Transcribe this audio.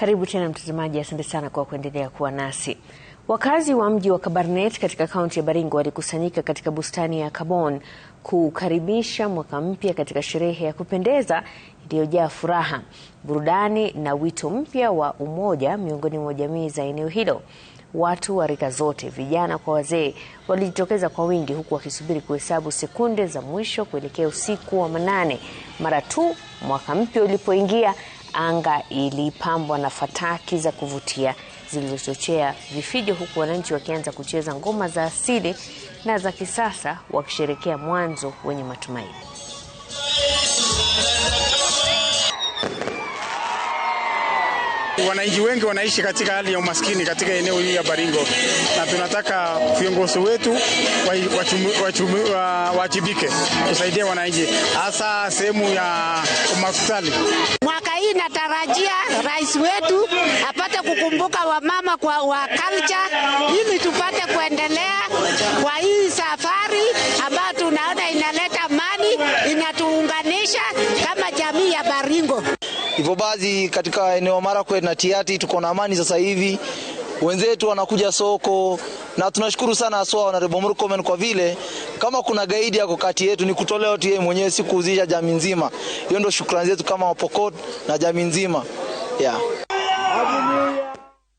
Karibu tena mtazamaji, asante sana kwa kuendelea kuwa nasi. Wakazi wa mji wa Kabarnet katika kaunti ya Baringo walikusanyika katika bustani ya Kabon kukaribisha mwaka mpya katika sherehe ya kupendeza iliyojaa furaha, burudani na wito mpya wa umoja miongoni mwa jamii za eneo hilo. Watu wa rika zote, vijana kwa wazee, walijitokeza kwa wingi huku wakisubiri kuhesabu sekunde za mwisho kuelekea usiku wa manane mara tu mwaka mpya ulipoingia. Anga ilipambwa na fataki za kuvutia zilizochochea vifijo, huku wananchi wakianza kucheza ngoma za asili na za kisasa wakisherekea mwanzo wenye matumaini. Wananchi wengi wanaishi katika hali ya umaskini katika eneo hili ya Baringo, na tunataka viongozi wetu wajibike kusaidia wananchi, hasa sehemu ya umaskini hii natarajia rais wetu apate kukumbuka wamama kwa wa culture, ili tupate kuendelea kwa hii safari ambayo tunaona inaleta mali, inatuunganisha kama jamii ya Baringo. Hivyo basi katika eneo Marakwet na tiati tuko na amani sasa hivi, wenzetu wanakuja soko na tunashukuru sana haswa Honorable Murkomen kwa vile kama kuna gaidi yako kati yetu ni kutolewa tu yeye mwenyewe, si kuuzisha jamii nzima. Hiyo ndio shukrani zetu kama Wapokot na jamii nzima yeah.